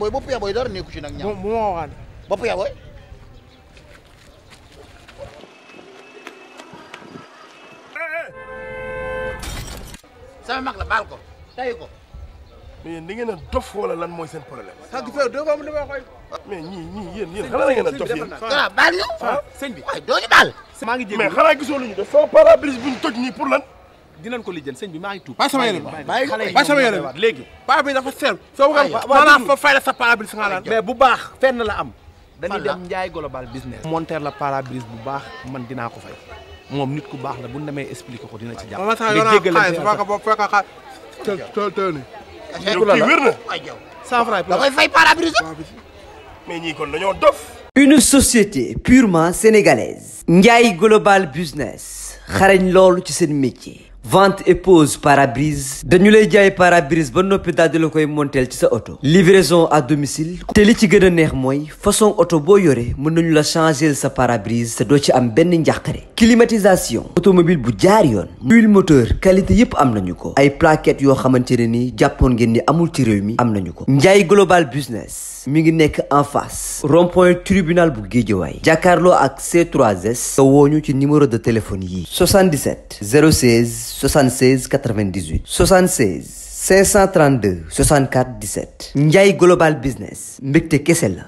mooy bopp boy dara nekku ci nag. ñaar bu ma waxaan bopp yaa booy. sama mag la baal ko tay ko. mais yéen da ngeen a dof wala lan mooy seen problème. ah gis nga deux fois mu demee xoy. mais ñii ñii yéen yéen la ngeen a dof yéen. waaw baal ñu. Ah. sëñ bi waaye doo ñu baal. maa ngi jéem mais xanaa gisoo lu ñu def sama pare-brise toj nii pour lan. dinañ ko lijjën sëñ bi maa ngi tuub. bàyyi sama yére bi bàyyi sama yére bi léegi. paa bi dafa seer soo xam maanaam fa fay la sa pare-brise nga naan mais bu baax fenn la am. dañuy dem Ndiaye global business. monter la pare-brise bu baax man dinaa ko fay moom nit ku baax la bu ñu demee expliqué ko dina ci jàpp. nga jégalu xaalis bu baax boo fekk xaar te te te ne. wér na cent francs da koy fay pare-brise mais ñii kon dañoo dof. une société purement sénégalaise. Ndiaye global business xarañ loolu ci seen métier. vente et pose parabrise dañu lay jaay parabrise ba noppi daldi la koy monteel ci sa oto livraison à domicile te li ci gën a neex mooy façon oto boo yore mën nañu la changer sa parabrise se doo ci am benn njàqare climatisation automobile bu jaar yoon huile moteur qualité yépp am nañu ko ay plaquettes yoo xamante ne ni jàppoon ngeen ni amul ci réew mi am nañu ko Ndiaye global business mi ngi nekk en face rond tribunal bu Guédiawaye jàkkaarloo ak C3S ci numéro de téléphone yii 77 016 76 98 76 532 64 17 Ndiaye Global Business mbégte kese la.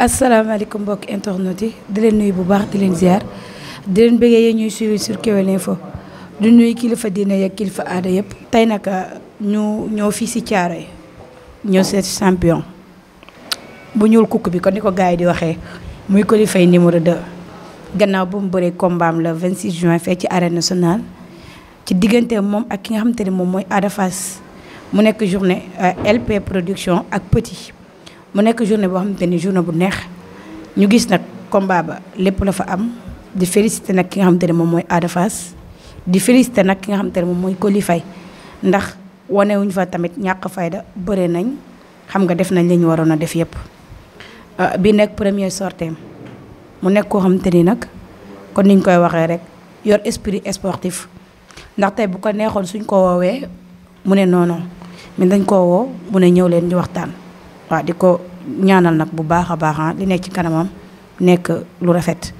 asalaamaaleykum mbokk internet yi di leen nuyu bu baax di leen ziar di leen bëggee yéen ñuy suivre sur Kewel Info du nuyu kilifa diine yeeg kilifa aada yëpp. tey nag ah, ñu ñoo fii si caaro yi ñoo seet champion bu ñuul kukk bi kon ni ko gars yi di waxee muy Coly Faye numéro 2 gannaaw bu mu bëree combat am la 26 juin fee ci arène nationale. ci diggante moom ak ki nga xamante ni moom mooy Ada mu nekk journée euh, LP production ak Petit mu nekk journée boo xam xamante ni journée bu neex ñu gis nag combat ba lépp la fa am di félicité nag ki nga xamante ne moom mooy Ada di félicité nag ki nga xamante ne moom mooy Coly Faye ndax wanewuñ fa tamit ñàkk fayda bëre nañ xam nga def nañ li ñu waroon a def yëpp euh, bi nekk première sortie mu nekk koo xamante ni nag kon niñ koy waxee rek yor esprit sportif ndaxte bu ko neexoon suñ ko woowee mu ne non non dañ koo woo mu ne ñëw leen ñu waxtaan waaw di ko ñaanal nag bu baax a baax ah, li nekk ci kanamam nekk lu rafet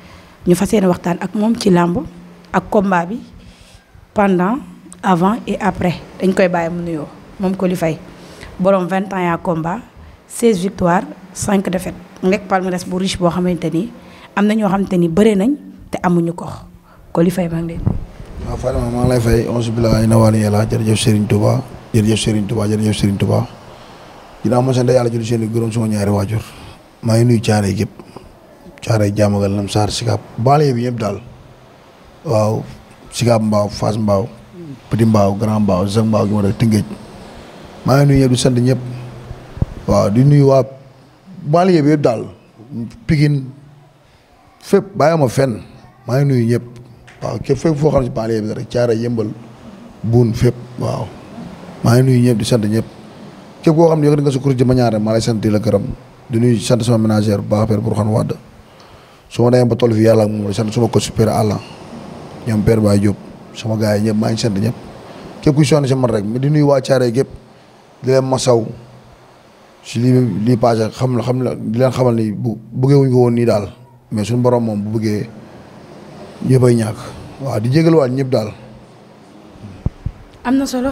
ñu fas yéene waxtaan ak moom ci làmb ak combat bi pendant avant et après dañ koy bàyyi mu nuyoo moom Coly Faye borom 20 ans yaa combat 16 victoires 5 défaites nekk palmarès bu riche boo xamante ni am na ñoo xamante ni bëre nañ te amuñu ko Coly Faye maa ngi waaw Fatima maa ngi lay fay onze billahi na waani yàlla jërëjëf Serigne Touba jërëjëf Serigne Touba jërëjëf Serigne Touba dinaa ma sant yàlla julli seen i gërëm sama ñaari waajur maa ngi nuyu caare yëpp caare jàmmagal lam saar Sikaab baale bi yëpp daal waaw Sikaab Mbaaw Fass Mbaaw Petit Mbaaw Grand Mbaaw Zac Mbaaw gi ma def Tëngéej maa ngi nuyu di sant ñëpp waaw di nuyu waa baale bi yëpp daal Pikine fépp bàyyi ma fenn maa ngi nuyu ñëpp waaw képp fépp foo xam ne si banlieue bi rek caara yëmbal buun fépp waaw maa ngi nuyu ñëpp di sant ñëpp képp koo xam ne yëkkati nga sa kuréel ma ñaare maa lay sant di la gërëm di nuyu sant sama ménagère bu baax père Bourkhane Wade su ma demee ba toll fi yàlla ak moom la sant suma ko super àlla ñoom père Baye Diop sama gars yi ñëpp maa ngi sant ñëpp képp kuy sonn si man rek di nuyu waa caare gépp di leen masaw si lii lii passé xam la xam la di leen xamal ni bu bëggee wuñ ko woon nii daal mais suñu borom moom bu bëggee yëppay ñàkk waaw di jégaluwaat ñëpp daal. am na solo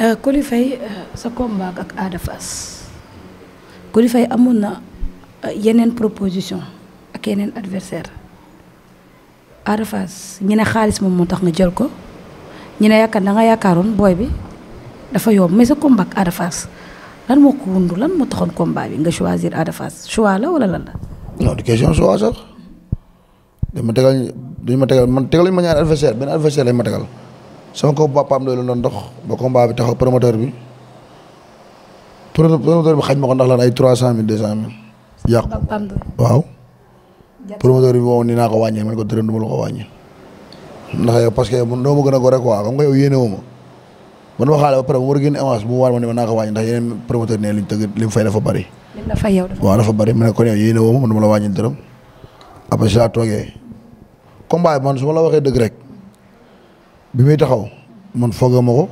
euh, Coly Faye euh, sa combat ak Ada Fass Coly Faye amoon na euh, yeneen proposition ak yeneen adversaire Ada Fass ñu ne xaalis moom moo tax nga jël ko ñu ne yaakaar da nga yaakaaroon booy bi dafa yomb mais sa combat ak lan moo ko wundu lan moo taxoon combat bi nga choisir Ada Fass la wala lan la. non du question choix sax dama tegal. duñu ma tegal man tegaluñ ma ñaari adversaire benn adversaire lañ ma tegal sama kaw papaam doy la doon dox ba combat bi taxaw promoteur bi promoteur bi xañ ma ko ndax la ay trois cent mille deux cent mille. yàqu waaw. promoteur bi moom naa ko wàññee man ko dërëm du ma ko wàññi. ndax yow parce que man doo ma gën a yow yéene woo ma man waxaale ba pare war a génne bu mu waar ma ne wàññi ndax yeneen promoteur ne liñ tëgg li mu fay dafa bëri. lim la fay bari dafa bëri waaw dafa bëri ne kon yow yéene woo ma man la wàññi dërëm après si laa toogee combat bi man su ma la waxee dëgg rek bi muy taxaw man foogee ma ko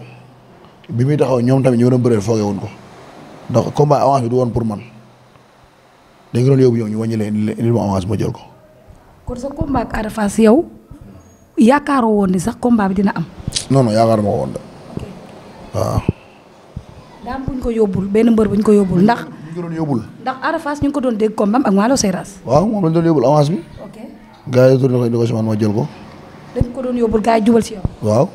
bi muy taxaw ñoom tamit ñu war a bëreel foogee wuñ ko ndax combat avance bi du woon pour man dañ ko doon ñu wàññi leen indil jël ko. kon sa combat ak yow yaakaaroo woon ni sax combat bi dina am. non non yaakaar ma ko ko yóbbul benn mbër buñ ko yóbbul ndax. buñ ko doon yóbbul. bi. gars yi tourné ko indi ko si ma jël ko. dañ ko doon yóbbul gars yi jubal si yow. waaw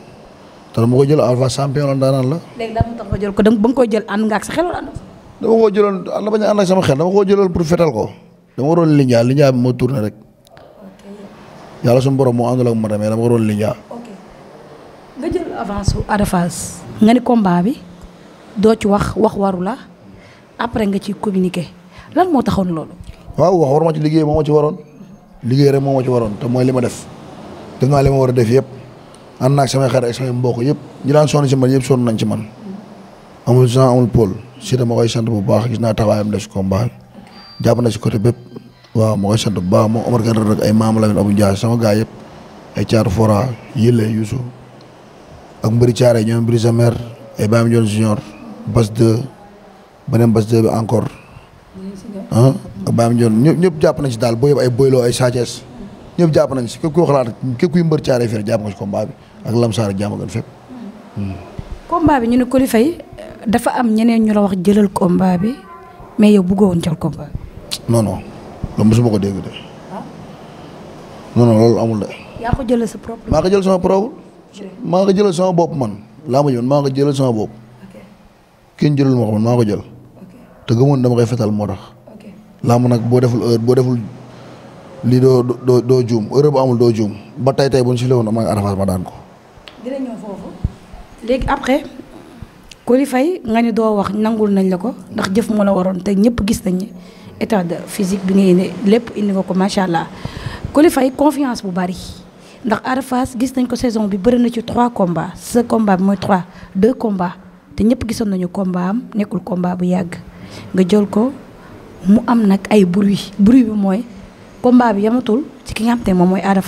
te dama ko jël alpha champion la daanaan la. léegi jël ko da nga koy jël ànd nga ak sa xel wala dama koo jëloon pour fetal ko dama ko doon liggéey liggéey bi moo tourné rek yàlla suñu borom moo àndul ak ma dama ko doon liggéey. nga jël avance su Ada nga ni combat bi ci wax wax waru la après nga ci communiqué lan moo taxoon loolu. waaw wax waruma ci liggéey moo ma ci waroon. liggéey rek moom moo ci waroon te mooy li ma def def naa li ma war a def yëpp ànd naa ak samay xarit ak samay mbokk yëpp ñi daan sonn man yëpp sonn nañ ci man amul Jean amul Paul si dama koy sant bu baax gis naa taxawaayam def si combat jàpp na si côté bépp waaw ma koy sant bu baax moom Omar Kane rek ay Maam Lamine Abou Ndiaye sama gars yëpp ay Thiar Fora Yile Youssou ak mbëri Thiaré ñoom mbëri sa mère ay Baye Mandione Junior bas 2 beneen bas bi encore ah Baam Ndione ñëpp ñëpp jàpp nañ si daal boo ay Boylo ay Sathiès ñëpp jàpp nañ si képp kuy xalaat képp kuy mbër caare fere jàpp nga si combat bi ak Lamsaar ak Diamaguène fépp. Hmm. combat bi ñu ne Coly Faye dafa am ñeneen ñu la wax jëlal combat bi mais yow bëggoo woon jël combat bi. non loolu ko dégg de. Ah? non non loolu amul de. ko jëlal sa propre. maa ko jëlal sama propre. maa ko jëlal sama bopp man laa ma jël maa ko jëlal sama ma ko man maa ko jël. te gëmoon dama koy fetal moo tax. làmb nag boo deful heure boo deful lii doo doo doo juum heure amul doo juum ba tay tay bu ñu si lewoon am arafas ma daan ko. dina ñëw foofu léegi après Coly Faye nga ni doo wax nangul nañ la ko ndax jëf moo la waroon te ñëpp gis nañ état de physique bi ngay ne lépp indi ko macha allah Coly Faye bu bari ndax arafas gis nañ ko saison bi bëri na ci trois combats ce combat bi mooy trois deux combats te ñëpp gisoon nañu combat nekkul komba bu yàgg. nga jël ko mu am nag ay bruit bruit bi mooy combat bi yamatul ci ki nga xam te moom mooy Ada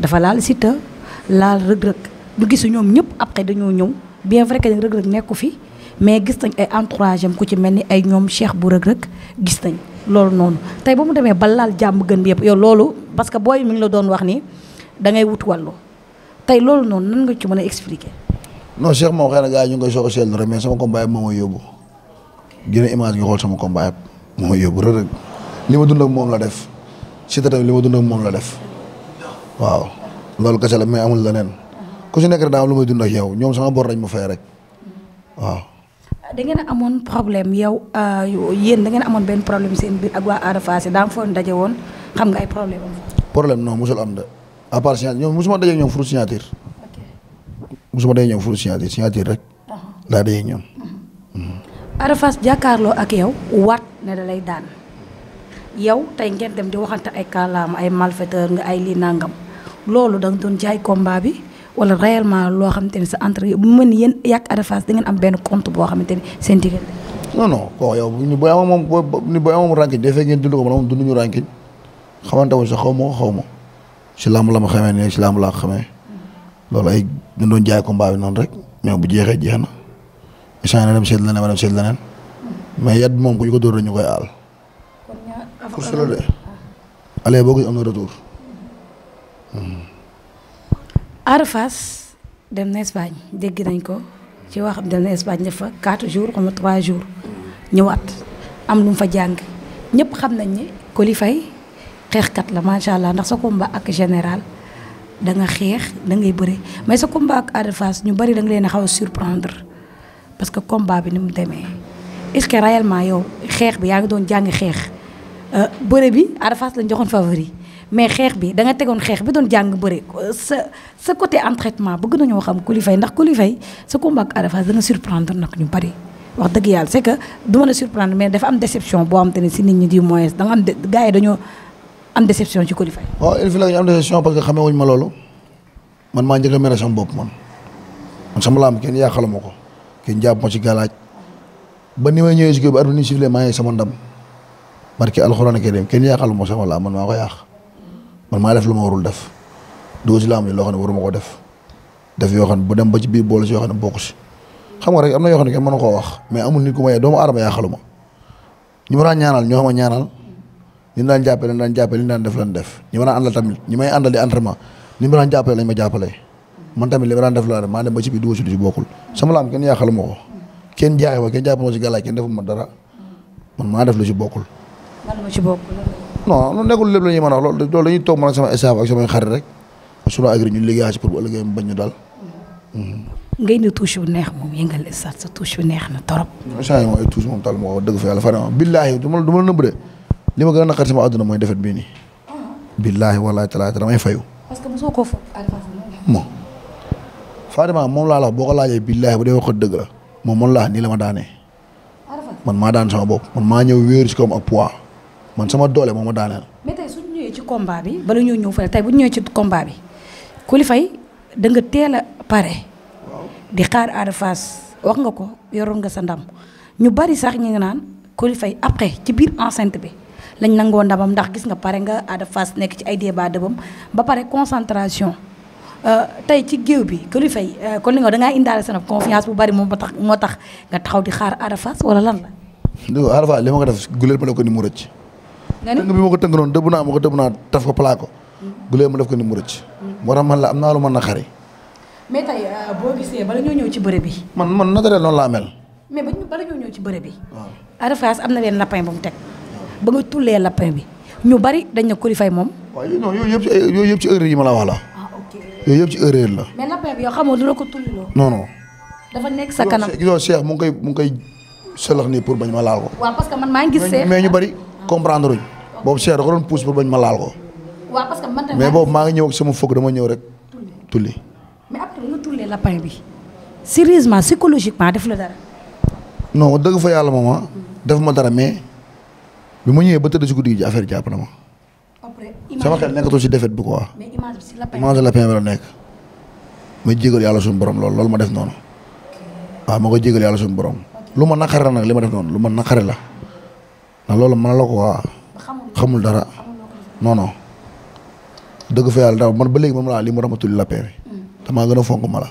dafa laal Siteu laal rëg-rëg ñu gisu ñoom ñëpp après dañoo ñëw bien vrai que rëg-rëg nekku fi mais gis nañ ay entourage ku ci mel ni ay ñoom cheikh bu rëg-rëg gis nañ loolu noonu tey ba mu demee ba laal jàmm gën bi yëpp yow loolu parce que booy mi ngi la doon wax ni da ngay wut wàllu tey loolu noonu nan nga ci mën a expliquer non cheikh moom xëy na gars yi ñu ngi koy soog a seetlu rek mais sama combat gën a image nga xool sama combat yëpp moo yóbbu rëdd li ma dund moom la def si tamit li ma dund moom la def waaw loolu kese la mais amul leneen ku si nekk rek daa lu may dund ak yow ñoom sama bor lañ ma rek waaw. da ngeen a amoon problème yow euh, yéen da ngeen amoon benn problème seen biir ak waa Ada Fass daa foog daje woon xam nga ay problème problème non mosul am de à part signature ñoom mosuma daje ñoom furu signature. ok mosuma daje ñoom furu signature signature rek. daa uh-huh. daje ñoom. Arafas jàkkaarloo ak yow waat ne da lay daan yow tey ngeen dem di waxante ay kàllaama ay malfaiteur nga ay lii nangam loolu da nga doon jaay combat bi wala réellement loo xamante ni sa entre bu mën yéen yàq Arafas da ngeen am benn compte boo xamante ni seen diggante. non non kooku yow bu ñu booy amoon moom boo bu ñu booy amoon rànkiñ dafay ngeen dund xaw ma xaw ma la ma xamee ne si làmb laa xamee loolu ay dañ doon jaay combat bi noonu rek mais bu jeexee jeex na. isaan na ma dem seet leneen mais yat bi moom ku ñu ko dóor rek koy aal. course boo gis am na retour. Hmm. Ada dem na dégg nañ ko ci waxam dem na def fa 4 jours xam nga 3 jours ñëwaat am lu mu fa jàng ñëpp xam nañ ne Coly xeexkat la macha allah ndax sa combat ak général da nga xeex da ngay bëre mais sa combat ak Ada Fass ñu bari da leen a xaw a surprendre. parce que combat bi ni mu demee est-ce que yow xeex bi yaa ngi doon jàng xeex euh, bëre bi arafas Fass lañ joxoon favori mais xeex bi danga tegoon xeex bi doon jàng bëre sa sa côté entraînement bëgg nañoo xam Coly Faye ndax Coly Faye sa combat ak Ada Fass dana surprendre nag ñu bari. wax dëgg yàlla c'est que du mën surprendre mais dafa am déception boo xam te ne si nit ñi di moyes da nga am gars yi dañoo am déception ci Coly Faye. waaw il faut que ñu am déception parce que xamee wuñ ma loolu man maa ko. kenn jàpp ma ci galaaj ba ni may ñëwee si kër bi arbitre ni sifflé maa ngi sama ndam barki alxuraan karim kenn yaaxalu ma sama man maa ko yaax man maa def lu ma warul def dugg si laa am loo xam ne waruma ko def def yoo xam ne bu dem ba ci biir boole si yoo xam ne bokku xam nga rek am na yoo xam ne kenn mënu koo wax mais amul nit ku may doomu aadama yaaxalu ma ñu ma daan ñaanal ñoo xam ñaanal ñu jàppale daan def lan def ñu ma daan àndal tamit ñi ma jàppale lañ ma jàppale man tamit li ma daan def laa def maa dem ba ci biir dugg si lu ci bokkul sama laam kenn yaaxal ma ko kenn jaay ma kenn jaay ma si gàllaay kenn ma dara man maa def lu si bokkul. man ma ci bokkul. non nekkul lépp la ñuy mën a wax loolu loolu dañuy toog man ak sama staff ak samay xarit rek sunu agri ñu liggéeyaat si pour bu ëllëgee bañ ñu daal. Mm-hmm. ngay indi touche bu neex sa touche bu neex na trop. échange moom ay touche moom tal ma ko wax dëgg fa yàlla fan ma billaahi du ma du ma la nëbb de li ma gën a naqar sama àdduna mooy defet bii nii. Ah. billaahi wallaahi talaata damay fayu. parce Fatima moom laa la boo ko laajee billaahi bu dee wax ko dëgg la moom moom laa nii la ma daanee. man maa daan sama bopp man maa ñëw wéeru ci koom ak poids man sama doole moo ma daaneel. ci combat bi bala ñoo ñëw fa fële tey bu ñëwee ci combat bi Coly Faye da nga teel a pare. di xaar Ada Fass wax nga ko yoroon nga sa ndam ñu bari sax ñu ngi naan Coly Faye après ci biir enceinte bi lañ nangoo ndamam ndax gis nga pare nga Ada Fass nekk ci ay débat dëbam ba pare concentration. Euh, tey ci géew bi Coly Faye euh, kon li nga da ngaa indaale sa confiance bu bari moom moo tax moo tax nga taxaw di xaar Ada Fass wala lan la. du Ada Fass li ma ko def guleel ma def ko ni mu rëcc. nga ni tënk bi ma ko tënk noonu dëbb ko dëbb naa taf ko palaako. ko mu rëcc. moo man la am naa lu mën na xari mais tey euh, boo gisee bala ñoo ñëw ci bëre bi. man man naturel noonu laa mel. mais ba ñu bala ñoo ñëw ci bëre bi. waaw Ada Fass am na leen lapin bu mu teg ba nga tullee lapin bi ñu bari dañ na Coly moom. waaw yooyu yëpp ci yooyu yëpp ci heure yi ma la wax la yooyu yëpp ci erreur la. mais nappee bi yow xamoo dina ko tulliloo. non non. dafa nekk sa mu ngi koy mu ngi koy sëlax nii pour bañ ma laal ko. waaw parce que ñu bëri comprendre boobu Cheikh da ko doon bañ ma laal mais boobu maa ngi ñëw sama fukk dama ñëw rek. tulli mais après nga def la dara. dëgg fa yàlla moom ah, def ma dara mais bi ma ñëwee ba tëdd si guddi gi affaire jàpp na ma. sama xel nekkatul si défaite bi quoi. mais image bi si lapin bi la nekk. ma jégal yàlla suñu borom loolu loolu ma def noonu. waa ma koy jégal yàlla suñu borom. lu ma naqare la na li ma def noonu lu ma naqare la. ndax loolu mën na la ko waa. xamul dara non non. dëgg fa man ba léegi man ma laa lii ma ramatul lapin hmm. gën a fonk ma la.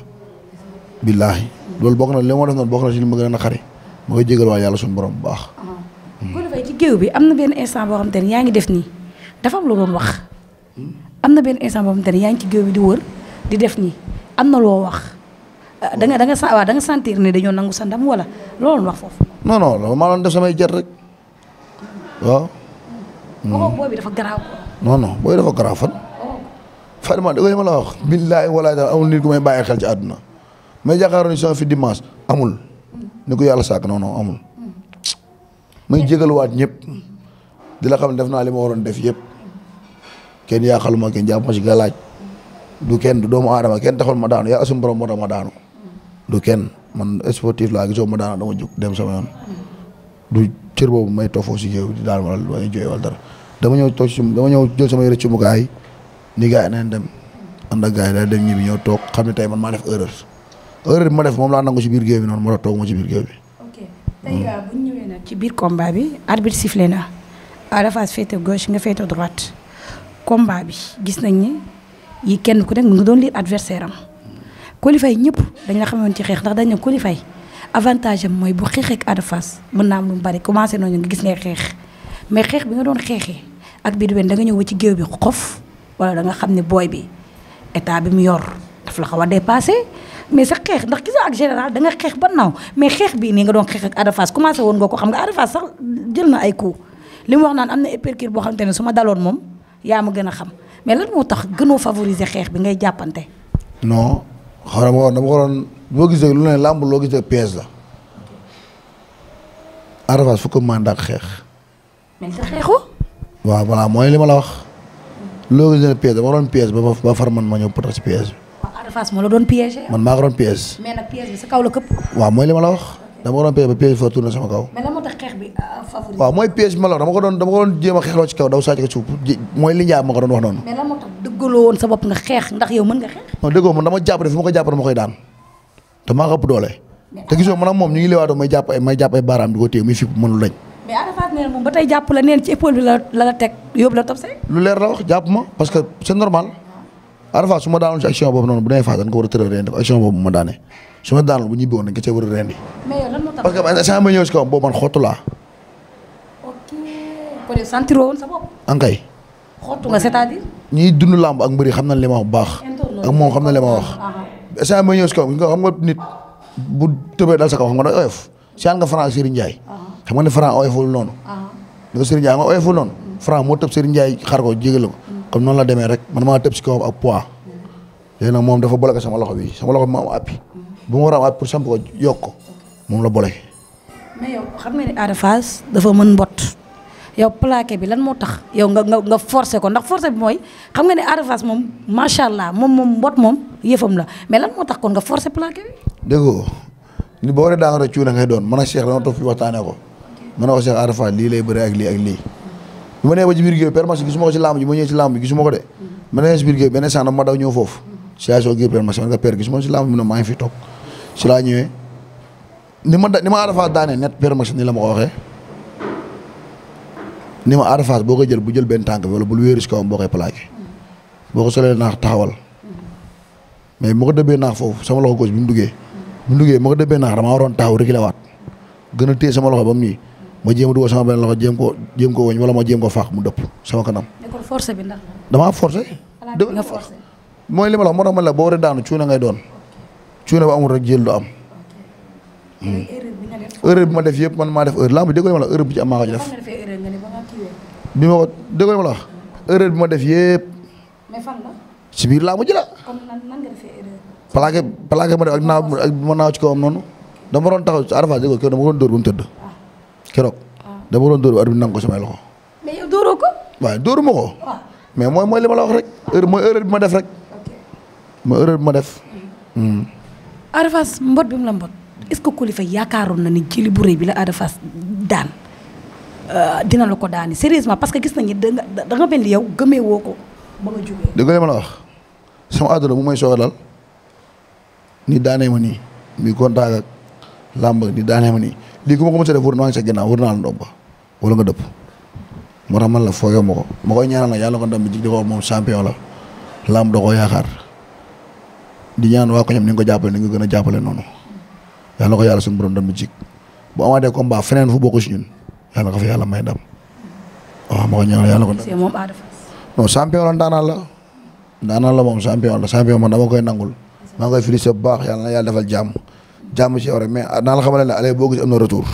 billaahi. Hmm. loolu bokk na li ma def noonu bokk na si li ma gën a naqari. ma koy jégal waa yàlla suñu borom bu baax. Ah. Hmm. dafa am loo doon wax am na benn instant boo xamante ne yaa ngi ci géew bi di wër di def nii am na loo wax ah, da danga da nga sa waaw da nga ne dañoo nangu sa ndam wala loolu wax foofu. non non loolu maa doon def samay jet rek waaw. Mm. Oh. wax. billaahi walaay daal amul ci àdduna may jàkkaaroon si sama fi dimanche amul ni ko yàlla sàkk non non amul mm. may jégaluwaat ñëpp di la xam ne def naa li ma waroon def yëpp. kenn yaaxaluma kenn jàpp ma si galaaj du kenn du doomu aadama kenn taxul ma daanu yaa suñu borom moo ma daanu du kenn man sportif laa gisoo ma daanu dama jóg dem sama yoon du cër boobu may toog foofu si géew di daal wala may jooy wala dara dama ñëw toog si dama ñëw jël sama yëre ka mukaay ni gars yi nañ dem ànd ak gars yi daal dem ñibbi ñëw toog xam ne tey man maa def erreur erreur ma def moom laa nangu si biir géew bi noonu moo tax toog ma si biir géew bi. ok hmm. euh, bi arbitre sifflé na Ada Fass féete gauche nga féete droite. combat bi gis nañ ni yi kenn ku nekk mu ngi doon liir adversaire am Coly Faye ñëpp dañ la xamoon ci xeex ndax dañ ne avantage am mooy bu xeexee ak Ada Fass mën bari commencé noonu nga gis ngay xeex mais xeex bi nga doon xeexee ak biir benn da nga ñëw ci géew bi xof wala da nga xam ne booy bi état bi mu yor daf la a dépassé mais sa xeex ndax gis ak général da nga xeex ba naaw mais xeex bii woon nga ko xam nga Ada Fass sax jël na ay coups li mu wax naan am na épercure boo xam xamante ne su ma daloon moom yaa ma gën a xam mais lan moo tax gënoo favoriser xeex bi ngay jàppante. non xaw ma woon dama ko doon boo gisee lu ne làmb loo gisee pièce la. Arafat fu ko mën xeex. mais sa xeexu. waaw voilà mooy li ma la wax. loo gisee pièce dama doon pièce ba far man ma ñëw poto si pièce bi. waaw moo la doon piège. man maa ko doon piège. mais nag mooy li la wax. dama waroon piège ba piège bi fa tourné sama kaw. moo tax xeex bi euh, waaw mooy piège ma la dama ko doon dama ko doon jéem a xeexloo ci kaw daw sàcc ko suuf mooy li njaay ma ko doon wax noonu. mais lan moo tax dëggaloo xeex ndax yow mën nga xeex. non dama jàpp ne fu ma ko jàpp dama koy daan te maa ko ëpp doole. te gisoo man ak moom ñu ngi leewaatoo may jàpp ay may jàpp ay baaraam di ko téye muy fipp mënul lañ. mais Ada tey jàpp la neen ci épaule bi la la teg yóbbu la top 5. lu leer la wax jàpp ma parce que c'est normal Arafa su ma daanoon ci action boobu noonu bu demee Fass dañ ma daanee daanoon bu ñibbi woon dañ ko cee war a rendi. mais yow lan moo tax parce si xam nañ li ma wax bu baax. ak moom xam nañ li ma wax. instant ma ñëw nga nit bu tëbee nga day oyof. saan mm. moo tëb Serigne Ndiaye xar ko jégale ko mm. comme noonu la demee rek man maa tëb si ko ak poids léegi nag moom dafa bloqué sama loxo bi sama loxo bi ma am appui bu ma war a am appui pour samp ko yokk moom la bloqué. mais yow nga ni Ada dafa mën mbot yow plaqué bi lan moo tax yow nga nga nga forcé ko ndax forcé bi mooy xam nga ne Ada moom macha allah moom moom mbot moom yëfam la mais lan moo tax kon nga forcé plaqué bi. dégg ni boo waree daa nga doon ngay doon man ak Cheikh dama toog fi waxtaanee ko man na ko Cheikh lii lay bëree ak lii ak lii. bi ma nee ba ci biir géew permation gisuma ko ci làmb ji ma ñëwee ci làmb ji gisuma ko de ma nee ci biir géew benn sànn ma daw ñëw foofu situation laa ñëwee ni ma da ni ma Arafaas daanee net permation la ma ni ma Arafaas boo koy jël bu jël benn tànk wala bul wéeru si kawam boo boo ko solee naax taxawal mais ma ko dëbbee naax foofu sama loxo gauche bi mu duggee bi mu duggee ma ko dëbbee naax damaa waroon taxaw rek la waat gën a téye sama loxo ba mu nii ma jéem a dugal sama benn loxo jéem ko jéem ko ma jéem ko faax mu dëpp sama kanam. kon force bi ndax. damaa mooy li ma la moo ma la boo war a daanu cuune doon cuune ba amul rek jël ma def yëpp man maa def erreur lamb déggoo ma la erreur bi ci am maa ko ci def. bi ma bi ma def yëpp. mais fan la. si biir lamb ji la. kon ma def ak naaw ak ma naaw ci kawam noonu dama doon taxaw ci Arafat déggoo kii dama doon dóor ba mu tëdd. keroog. Ah. dama waroon bi nangu ko samay loxo. mais yow dóoroo ko. waaw dóoru ko. Ah. mais mooy mooy li ma la wax rek. mooy erreur bi ma def rek. ma def. Mm. Mm. Ada Fass mbot bi mu la mbot est-ce que Coly yaakaaroon na ni jëli bu rëy bi la Ada Fass daan euh, dina la ko daani sérieusement parce que gis nañu da nga da nga mel yow gëmee woo ko ba nga jógee. wax sama àdduna bu may soog dal ni daanee ma nii muy kontaan làmb ni daanee ma nii. lii ku ma ko mos a def wër naa sa ginnaaw wër naa la ndomba wala nga dëpp moo tax man la fooyoo ma ko ma koy ñaanal nag yàlla ko ndam bi di ko moom champion la lamb da koo yaakaar di ñaan waa ko ñoom ni nga ko jàppale ni nga gën a jàppale noonu yàlla ko yàlla suñu borom ndam bi jig bu amaatee combat feneen fu bokk si ñun yàlla ko fa yàlla may ndam waaw ma ko ñaanal yàlla ko ndam non champion la ndaanaan la ndaanaan la moom champion la champion man dama koy nangul maa ngi koy félicité bu baax yàlla na yàlla defal jàmm jàmm ci yow rek naa la xamal ne ale boo am na retour.